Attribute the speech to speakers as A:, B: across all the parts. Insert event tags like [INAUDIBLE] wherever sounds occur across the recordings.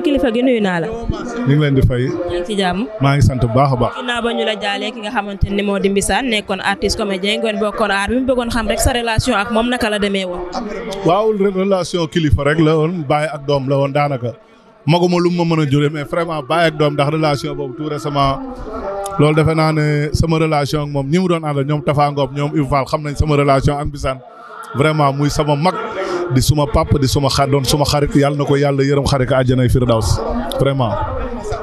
A: kilifa gi nuyu naa la. ñu
B: ngi leen di fay. maa ngi sant bu baax a baax.
A: ginnaaw ba ñu la jaalee ki nga xamante ni moo di Mbissane nekkoon artiste comédien ngeen bokkoon aar bi mu bëggoon xam rek sa relation ak moom naka la demee woon.
B: waaw relation kilifa rek la woon baay ak doom la woon daanaka maguma lu ma mën a jure mais vraiment baay ak doom ndax relation boobu tout sama loolu defe naa ne sama relation ak moom ñi mu doon àndal ñoom Tafa Ngom ñoom Ibou Fall xam nañ sama relation ak Mbissane vraiment muy sama mag. di suma pap di suma xa doon suma xarit yàlla na ko yàlla yërëm xarit ko àjjanay firdaws vraiment.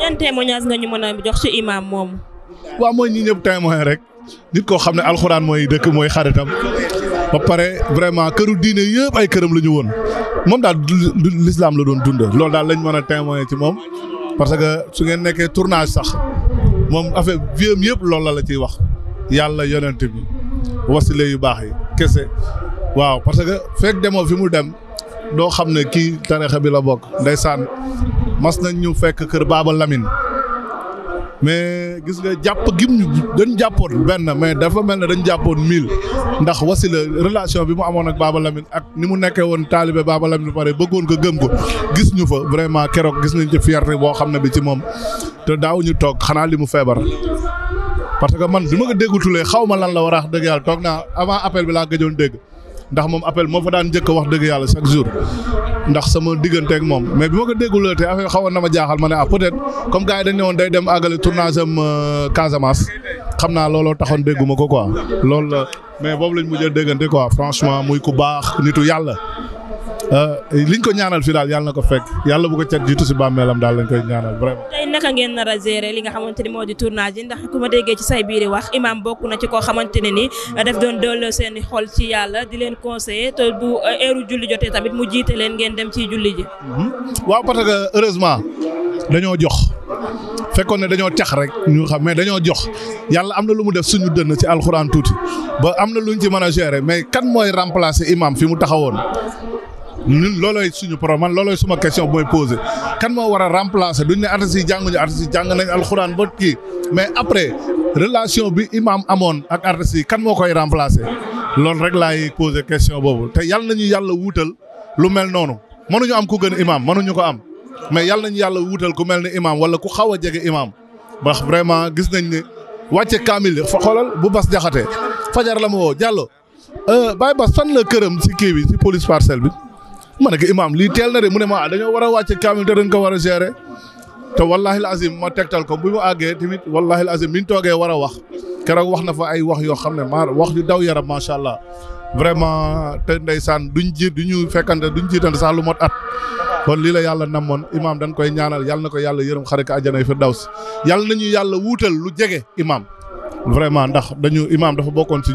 A: yan témoignage nga ñu mën a jox ci imam moom.
B: waaw mooy ñi ñëpp témoin rek nit koo xam ne alxuraan mooy dëkk mooy xaritam ba pare vraiment këru diine yëpp ay këram la ñu woon moom daal l'islam la doon dund lool daal lañ mën a témoin ci moom parce que su ngeen nekkee tournage sax moom affaire vieux yëpp lool la la ciy wax yàlla yonent bi wasile yu baax yi kese. waaw parce que fekk demoo fi mu dem doo xam ne kii tarixa bi la bokk ndeysaan mas nañ ñu fekk kër Baaba lamin mais gis nga jàpp gim ñu dañ jàppoon benn mais dafa mel ne dañ jàppoon mille ndax wasila relation bi mu amoon ak Baaba Lamine ak ni mu nekkee woon taalibe Baaba Lamine pare bëggoon ko gëm ko gis ñu fa vraiment keroog gis nañ ci fierté boo xam ne bi ci moom te daawuñu toog xanaa li mu feebar parce que man bi ma ko xaw ma lan la war a dëgg yàlla toog naa avant appel bi laa gëjoon dégg ndax moom appel moo fa daan njëkk wax dëgg yàlla chaque jour ndax sama digganteeg moom mais bi ma ko dégguloo te affaire xawoon na ma jaaxal ma ne ah peut-être comme gars yi dañ ne woon day dem àggale tournage am euh, Casamance xam naa looloo taxoon dégguma ko quoi loolu la mais boobu lañ mujjee déggante quoi franchement muy ku baax nitu yàlla. Euh, liñ ko ñaanal fii daal yàlla na ko fekk yàlla bu ko cat jiitu si bàmmeelam daal lañ koy ñaanal vraiment.
A: tey naka ngeen nar a li nga xamante ni moo di tournage yi ndax ku ma déggee ci say biiri wax imam bokk na ci koo xamante ne ni daf doon dool seen xol ci yàlla di leen conseiller te bu euh, heure julli jotee tamit mu jiite leen ngeen dem ci julli ji.
B: Mhm. waaw parce que heureusement dañoo jox. fekkoon ne dañoo tax rek ñu xam mais dañoo jox yàlla am na lu mu def suñu dënn ci alxuraan tuuti ba am na luñ ci mën a gérer mais kan mooy remplacer imam fi mu taxawoon ñun loolooy suñu problème man loolooy suma question mooy posé kan moo war a remplacer duñ ne artistes yi jànguñu artistes yi jàng nañ alxuraan ba kii mais après relation bi imam amoon ak artistes yi kan moo koy remplacer loolu rek laay posé question boobu te yal nañu yàlla wuutal lu mel noonu mënuñu am ku gën imam mënuñu ko am mais yal nañu yàlla wuutal ku mel ni imam wala ku xaw a jege imam wax vraiment gis nañ ne wàcce kaamil fa xoolal bu bas jaxate fajar la ma woo jàllo euh, Baye Bass fan la këram si kii bi si police parcelle bi. ma ne ko imaam lii teel na de mu ne ma dañoo war a wàcce kaamil te dañ ko war a gérer te wallaahi ma tegtal ko bu mu àggee tamit wallaahi azim mi ñu toogee war a wax keroog wax na fa ay wax yoo xam ne maa wax yu daw yaram macha allah vraiment te ndeysaan duñ ji duñu fekkante du ñu jiitante sax lu mot at. kon lii la yàlla moon imaam dañ koy ñaanal yàlla na ko yàlla yërëm xare ko àjjanay firdaws yàlla ñu yàlla wuutal lu jege imaam. vraiment ndax dañu imaam dafa bokkoon si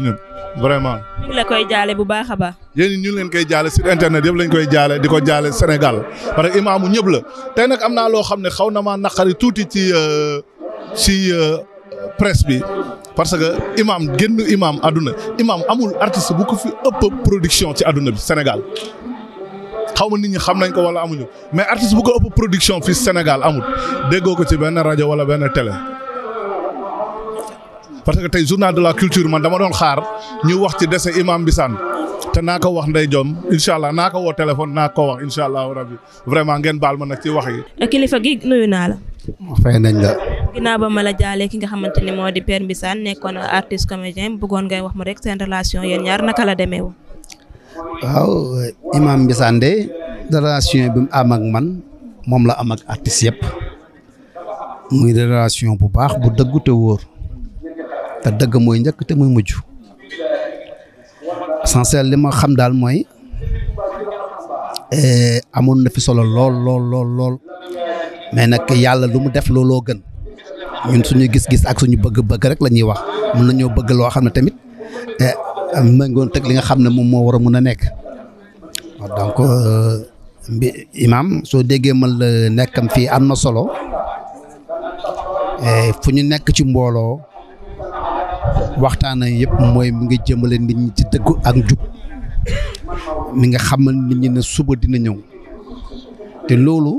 B: vraiment.
A: ñu ngi bu baax a baax.
B: yéen ñu leen koy jaale sur internet yëpp lañ koy jaale di ko jaale Sénégal parce que imaamu ñëpp la tey nag am naa loo xam ne xaw na maa naqari tuuti ci si euh, euh, presse bi parce que imaam génn imaam àdduna imaam amul artiste bu ko fi ëpp production ci àdduna bi Sénégal. xaw ma nit ñi xam nañ ko wala amuñu mais artiste bu ëpp production fii Sénégal amul déggoo ko ci benn rajo wala benn télé. parce que tey journal de la culture man dama doon xaar ñu wax ci dese Imam Bissane te naa ko wax Ndeye Diom incha allah naa ko woo téléphone naa ko wax incha allah rabbi vraiment ngeen baal ma nag ci wax yi.
A: kilifa gi nuyu naa la. fay nañ la. ginnaaw ba ma la jaalee ki nga xamante ni moo di Père Bissane nekkoon artiste comédien bëggoon ngay wax ma rek seen relation yéen ñaar naka la demee woon.
C: waaw Imam Bissane de relation bi mu am man moom la am ak artiste yëpp muy relation bu baax bu te dëgg mooy njëkk te muy mujj essentiel li ma xam daal mooy eh, amoon na fi solo lool lool lool mais nag yàlla lu mu def looloo gën ñun suñu gis-gis ak suñu bëgg-bëgg rek la ñuy wax mun nañoo bëgg loo xam ne tamit eh, mën ngoon teg li nga xam ne moom moo war a mun a nekk donc euh, mbi soo déggee man la nekkam fii am na solo eh, fu ñu nekk ci mbooloo. waxtaana yëpp mooy mu nga jëmale nit ñi ci dëgg ak njub mi nga xamal nit ñi ne suba dina ñëw te loolu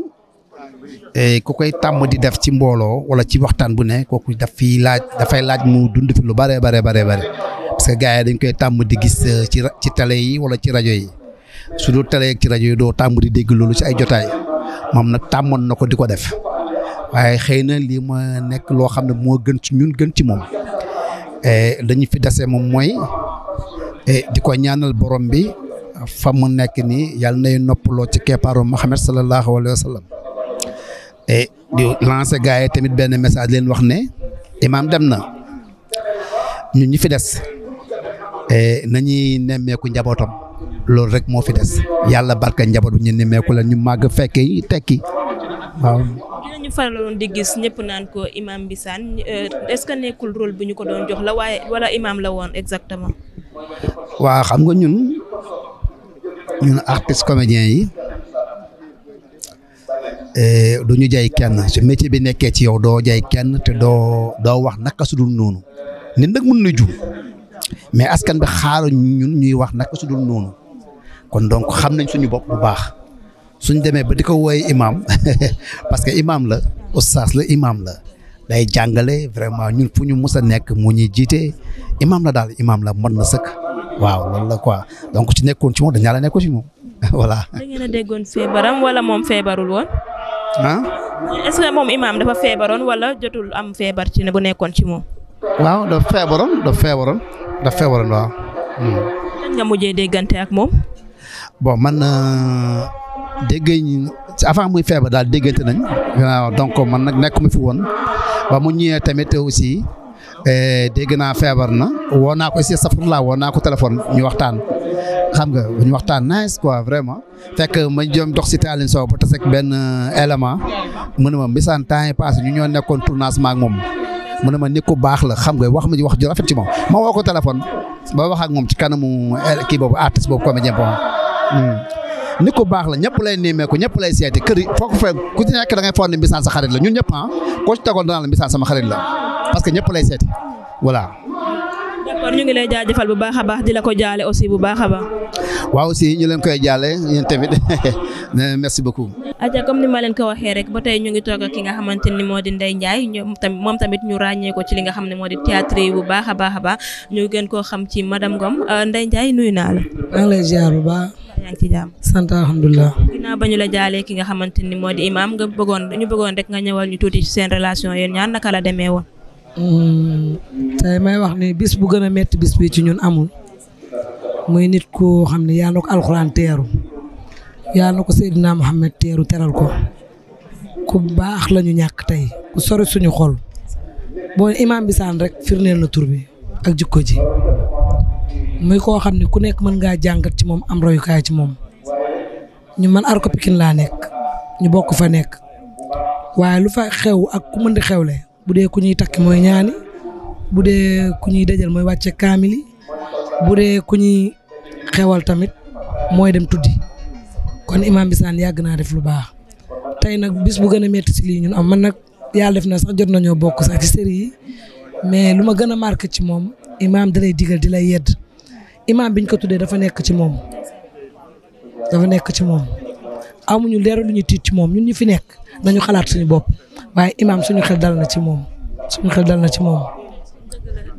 C: eh, ku koy tàmm di def ci mbooloo wala ci waxtaan bu ne kooku daf fiy laaj dafay laaj mu dund fi lu bare bare bare bare parce que gars yi dañ koy tàmm di gis eh, ci ci télé yi wala ci rajo yi su dul télé ak ci rajo yi doo tàmm di dégg loolu ci ay jotaay moom nag tàmmoon na ko di ko def waaye xëy na lii ma nekk loo xam ne moo gën ci ñun gën ci moom dañu eh, fi dese moom mooy eh, di ko ñaanal boroom bi fa mu nekk nii yàlla nay noppaloo ci keppaaru Muhammad sallallahu alayhi wa sallam eh, di lancé gars yi tamit benn message leen wax ne imaam dem na ñu ñi fi des nañuy nemmeeku njabootam loolu rek moo fi des yàlla barka njaboot bi ñu nemmeeku la ñu màgg fekke yi tekki waaw
A: ñu faraloon di gis ñëpp naan ko imam Mbissane euh, est-ce que nekkul rôle bu ñu ko doon jox la waaye wala imam la woon exactement.
C: waaw xam nga ñun ñun artistes comédiens yi euh, du ñu jaay kenn su métier bi nekkee ci yow doo jay kenn te doo doo wax naka su dul noonu nit nag mën na jum mais askan bi xaaru ñun ñuy wax naka su dul noonu kon donc xam nañ suñu bopp bu baax. suñ demee ba di ko woowee imaam [LAUGHS] parce que imaam la ustaas la imaam la day jàngale vraiment ñun fu ñu mus a nekk mu ñu jiite imaam la daal imaam la mën na sëkk waaw loolu la quoi donc ci nekkoon ci moom dañaa la nekkoon ci moom [LAUGHS] voilà.
A: da ngeen dafa feebaroon wala jotul am feebar ci ne bu nekkoon ci moom.
C: waaw dafa feebaroon dafa feebaroon dafa feebaroon waaw. lan hmm. nga mujjee dégg ci avant muy feebar daal déggante nañ waaw donc man nag nekk ma fi woon ba mu ñëwee tamit aussi eh, dégg naa feebar na woo naa ko si safurlaa woo naa ko téléphone ñu waxtaan xam nga ñu waxtaan nice quoi vraiment fekk ma jëm dox si Taalin Sow ba tase ak benn eh, élément mu ne ma misaan temps yi passé ñu ñoo nekkoon tournage ma ak moom mu ma nit ku baax la xam nga wax ma wax ju rafet ci moom ma woo ko téléphone ba wax ak moom ci kanamu eh, kii boobu artiste boobu comédien boobu hmm. nit ku baax la ñëpp lay niimeeku ñëpp lay seeti kër yi foo ku ci nekk ngay foog ne Mbissane sa xarit la ñun ñëpp ah ci tegoon danaa la sama xarit la parce que ñëpp lay seeti voilà.
A: ñu ngi lay jaajëfal bu baax a baax di la ko jaale aussi bu baax a baax.
C: waaw aussi ñu leen koy jaale yéen tamit [LAUGHS] euh, merci beaucoup.
A: aja comme ni ma leen ko waxee rek ba tey ñu ngi toog ak ki nga xamante ni moo di Ndeye Ndiaye ñoom tamit moom tamit ñu ràññee ko ci li nga xam ne moo di théâtre bu baax a baax a baax ñu gën koo xam ci madame Ngom euh, Ndeye
D: Ndiaye nuyu naa la. yaa ngi ci jàmm. sant alhamdulilah.
A: ba ñu la jaalee ki nga xamante ni moo di imaam nga bëggoon ñu bëggoon rek nga ñëwal ñu tuuti ci seen relation yéen ñaar naka la demee woon.
D: Hmm, tey may wax ni bis bu gën a metti bis bi ci ñun amul. muy nit koo xam ne yàlla na ko alxuraan teeru. yàlla na ko Seydina Muhammad teeru teral ko. ku baax la ñu ñàkk tey ku sori suñu xol. boo imaam bisaan rek firndeel na tur bi ak jikko ji. muy koo xam ne ku nekk mën ngaa jàngat ci moom am royukaay ci moom ñu man Arko Pikine laa nekk ñu bokk fa nekk waaye lu fa xew ak ku mën di xewle bu dee ku ñuy takki mooy ñaani bu dee ku ñuy dajal mooy wàcce kaamili bu dee ku ñuy xewal tamit mooy dem tuddi kon Imam Bissane yàgg naa def lu baax tey nag bis bu gën a métti si lii ñun am man nag yàlla def na sax jot nañoo bokk sax ci série yi mais lu ma gën a marqué ci moom imaam dana digal di lay yedd imaam biñ ko tuddee dafa nekk ci moom dafa nekk ci moom amuñu leer lu ñu tiit ci moom ñun ñu fi nekk nañu xalaat suñu bopp waaye imaam suñu xel dal na ci moom suñu dal na ci moom.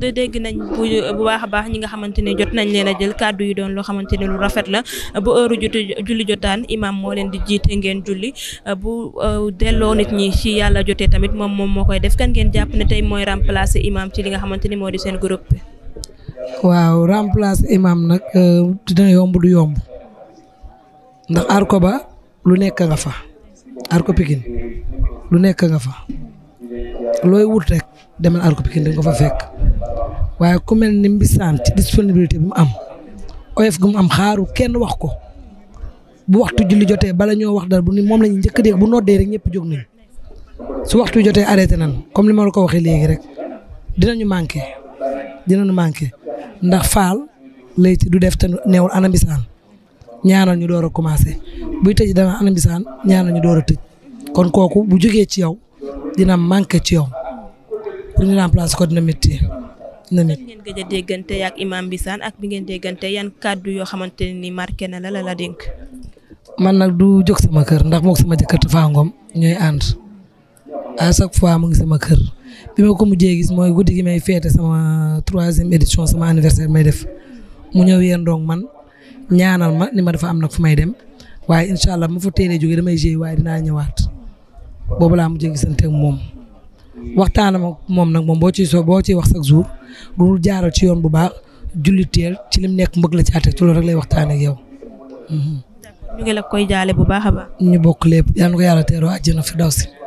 A: de dégg nañ bu bu baax a baax ñi nga xamante ne jot nañ leen a jël kàddu yi doon loo xamante ne lu rafet la bu heure jot julli jotaan imaam moo leen di jiite ngeen julli bu euh, delloo nit ñi ci yàlla jotee tamit moom moom moo koy def kan ngeen jàpp ne tey mooy remplacer imaam ci li nga xamante ni moo di seen groupe bi.
D: waaw remplacer imam nag euh, dina yomb du yomb ndax arko ba lu nekk nga fa arko pikin lu nekk nga fa looy wut rek demal arko pikin dañ ko fa fekk waaye ku mel ni Mbissane ci disponibilité bi mu am yef gu mu am xaaru kenn wax ko bu waxtu julli jotee bala ñoo wax dal bu ni moom la ñu njëkk dégg bu noddee rek ñëpp jóg nañu su waxtu jotee arrêté nan comme li ma la ko waxee léegi rek dinañu manqué dinañu manqué ndax faal léegi ci du def te neewul ana bisaan ñaanal ñu door a commencé buy tëj dana ana bisaan ñaanal ñu door a tëj kon kooku bu jógee ci yow dina manqué ci yow pour ñu place ko dina métti na nit. ngeen
A: gëj a déggante ak imam bisaan ak bi ngeen déggante yan kàddu yoo xamante ne ni na la la dénk.
D: man nag du jóg sama kër ndax moo sama jëkkër Tapha Ngom ñooy ànd. à chaque fois mu ngi sama kër bi ma ko mujjee gis mooy guddi gi may féete sama troisième édition sama anniversaire may def mu ñëw yéen donc man ñaanal ma ni ma dafa am nag fu may dem waaye incha allah ma fa teelee jógee damay géey waaye dinaa ñëwaat boobu laa mu gisante ak moom. waxtaan ma moom nag moom boo ciy soo boo ciy wax chaque jour du jaaral ci yoon bu baax julliteel ci li mu nekk mbëgg la ci àtte ci loolu rek lay waxtaan ak yow. ñu la
A: koy jaale baax
D: ñu bokk lépp yal na ko yàlla teeroo àjjana fi daw si.